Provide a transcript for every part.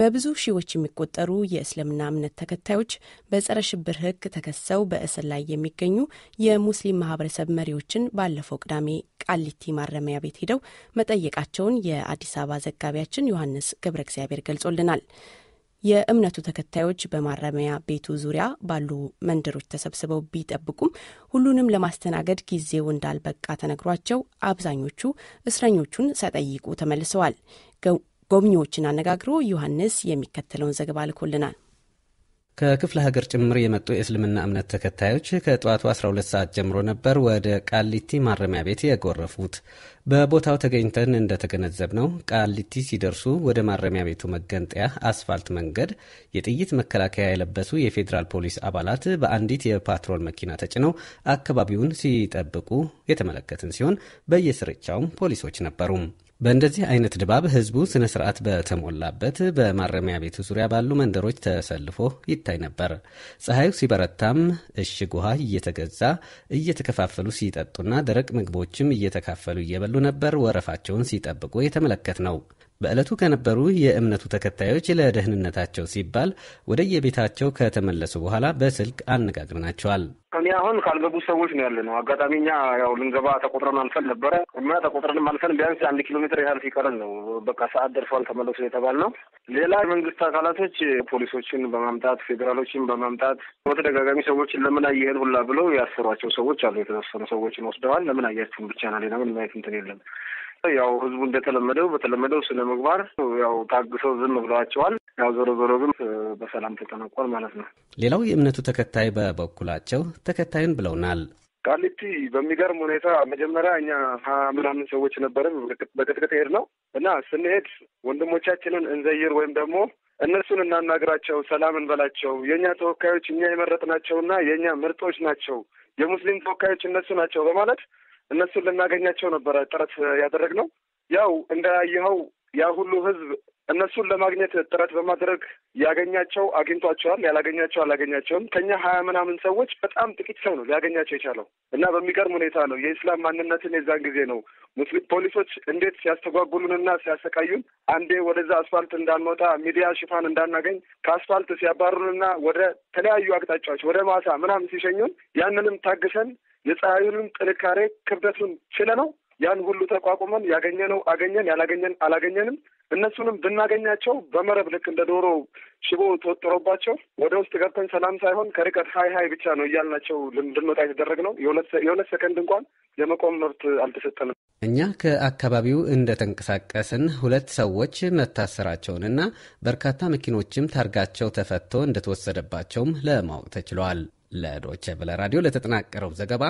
በብዙ ሺዎች የሚቆጠሩ የእስልምና እምነት ተከታዮች በጸረ ሽብር ሕግ ተከሰው በእስር ላይ የሚገኙ የሙስሊም ማህበረሰብ መሪዎችን ባለፈው ቅዳሜ ቃሊቲ ማረሚያ ቤት ሄደው መጠየቃቸውን የአዲስ አበባ ዘጋቢያችን ዮሐንስ ገብረ እግዚአብሔር ገልጾልናል። የእምነቱ ተከታዮች በማረሚያ ቤቱ ዙሪያ ባሉ መንደሮች ተሰብስበው ቢጠብቁም ሁሉንም ለማስተናገድ ጊዜው እንዳልበቃ ተነግሯቸው አብዛኞቹ እስረኞቹን ሳይጠይቁ ተመልሰዋል። ጎብኚዎችን አነጋግሮ ዮሐንስ የሚከተለውን ዘገባ ልኮልናል። ከክፍለ ሀገር ጭምር የመጡ የእስልምና እምነት ተከታዮች ከጠዋቱ 12 ሰዓት ጀምሮ ነበር ወደ ቃሊቲ ማረሚያ ቤት የጎረፉት። በቦታው ተገኝተን እንደተገነዘብ ነው ቃሊቲ ሲደርሱ ወደ ማረሚያ ቤቱ መገንጠያ አስፋልት መንገድ የጥይት መከላከያ የለበሱ የፌዴራል ፖሊስ አባላት በአንዲት የፓትሮል መኪና ተጭነው አካባቢውን ሲጠብቁ የተመለከትን ሲሆን በየስርቻውም ፖሊሶች ነበሩም። በእንደዚህ አይነት ድባብ ህዝቡ ስነ ስርዓት በተሞላበት በማረሚያ ቤቱ ዙሪያ ባሉ መንደሮች ተሰልፎ ይታይ ነበር። ፀሐዩ ሲበረታም እሽግ ውሃ እየተገዛ እየተከፋፈሉ ሲጠጡና ደረቅ ምግቦችም እየተካፈሉ እየበሉ ነበር ወረፋቸውን ሲጠብቁ የተመለከት ነው። በዕለቱ ከነበሩ የእምነቱ ተከታዮች ለደህንነታቸው ሲባል ወደየቤታቸው ከተመለሱ በኋላ በስልክ አነጋግረናቸዋል። እኔ አሁን ካልገቡ ሰዎች ነው ያለ ነው። አጋጣሚ እኛ ያው ልንገባ ተቆጥረን አልፈን ነበረ እና ተቆጥረን አልፈን ቢያንስ አንድ ኪሎ ሜትር ያህል ሲቀረን ነው በቃ ሰዓት ደርሷል ተመለሱ የተባል ነው። ሌላ የመንግስት አካላቶች ፖሊሶችን በማምጣት ፌዴራሎችን በማምጣት በተደጋጋሚ ሰዎችን ለምን አየህን ሁላ ብለው ያሰሯቸው ሰዎች አሉ። የተወሰኑ ሰዎችን ወስደዋል። ለምን አያችሁን ብቻ ና ሌላ ምን ማየት እንትን የለም ያው ህዝቡ እንደተለመደው በተለመደው ስነ ምግባር ያው ታግሰው ዝም ብለዋቸዋል። ያው ዞሮ ዞሮ ግን በሰላም ተጠናቋል ማለት ነው። ሌላው የእምነቱ ተከታይ በበኩላቸው ተከታዩን ብለውናል። ቃሊቲ በሚገርም ሁኔታ መጀመሪያ እኛ ምናምን ሰዎች ነበርን በቅጥቅጥ ሄድ ነው እና ስንሄድ ወንድሞቻችንን እንዘይር ወይም ደግሞ እነሱን እናናግራቸው፣ ሰላም እንበላቸው፣ የእኛ ተወካዮች እኛ የመረጥናቸውና የእኛ ምርጦች ናቸው፣ የሙስሊም ተወካዮች እነሱ ናቸው በማለት እነሱን ልናገኛቸው ነበረ ጥረት ያደረግነው። ያው እንዳየኸው ያ ሁሉ ህዝብ እነሱን ለማግኘት ጥረት በማድረግ ያገኛቸው አግኝቷቸዋል፣ ያላገኛቸው አላገኛቸውም። ከኛ ሀያ ምናምን ሰዎች በጣም ጥቂት ሰው ነው ሊያገኛቸው የቻለው እና በሚገርም ሁኔታ ነው የኢስላም ማንነትን የዛን ጊዜ ነው ሙስሊም ፖሊሶች እንዴት ሲያስተጓጉሉንና ሲያሰቃዩን፣ አንዴ ወደዛ አስፋልት እንዳንወጣ ሚዲያ ሽፋን እንዳናገኝ ከአስፋልት ሲያባሩንና ወደ ተለያዩ አቅጣጫዎች ወደ ማሳ ምናምን ሲሸኙን ያንንም ታግሰን የፀሐዩንም ጥንካሬ ክብደቱን ችለነው ያን ሁሉ ተቋቁመን ያገኘነው አገኘን፣ ያላገኘን አላገኘንም። እነሱንም ብናገኛቸው በመረብ ልክ እንደ ዶሮ ሽቦ ተወጥሮባቸው ወደ ውስጥ ገብተን ሰላም ሳይሆን ከርቀት ሀይ ሀይ ብቻ ነው እያልናቸው እንድንወጣ የተደረግነው። የሁለት ሰከንድ እንኳን የመቆም መብት አልተሰጠንም። እኛ ከአካባቢው እንደተንቀሳቀስን ሁለት ሰዎች መታሰራቸውንና በርካታ መኪኖችም ታርጋቸው ተፈቶ እንደተወሰደባቸውም ለማወቅ ተችሏል። ለዶቸ ቨለ ራዲዮ ለተጠናቀረው ዘገባ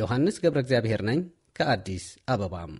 ዮሐንስ ገብረ እግዚአብሔር ነኝ ከአዲስ አበባም